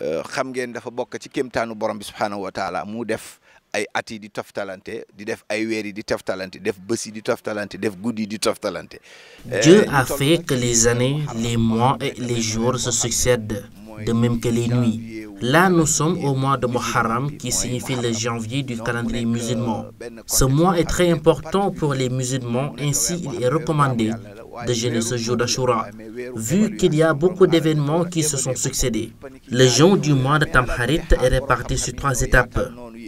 Dieu a fait que les années, les mois et les jours se succèdent, de même que les nuits. Là, nous sommes au mois de Muharram, qui signifie le janvier du calendrier euh, musulman. Ce mois est très important pour les musulmans, ainsi il est recommandé de Genèse ce jour d'Ashura, vu qu'il y a beaucoup d'événements qui se sont succédés. Le gens du mois de Tamharit est réparti sur trois étapes.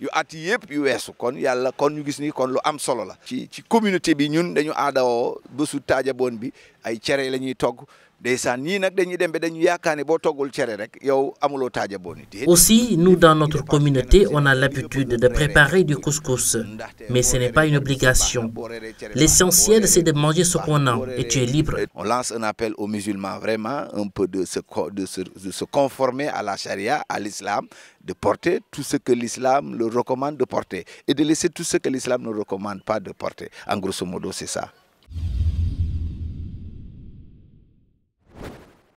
yu at yëpp yu weesu kon yàlla kon ñu gis ni kon lu am solo la. ci ci communauté bi ñun dañu aadawoo bésu taajaboon bi aussi nous dans notre communauté on a l'habitude de préparer du couscous mais ce n'est pas une obligation l'essentiel c'est de manger ce qu'on a et tu es libre on lance un appel aux musulmans vraiment un peu de se de se conformer à la charia à l'islam de porter tout ce que l'islam le recommande de porter et de laisser tout ce que l'islam ne recommande pas de porter en grosso modo c'est ça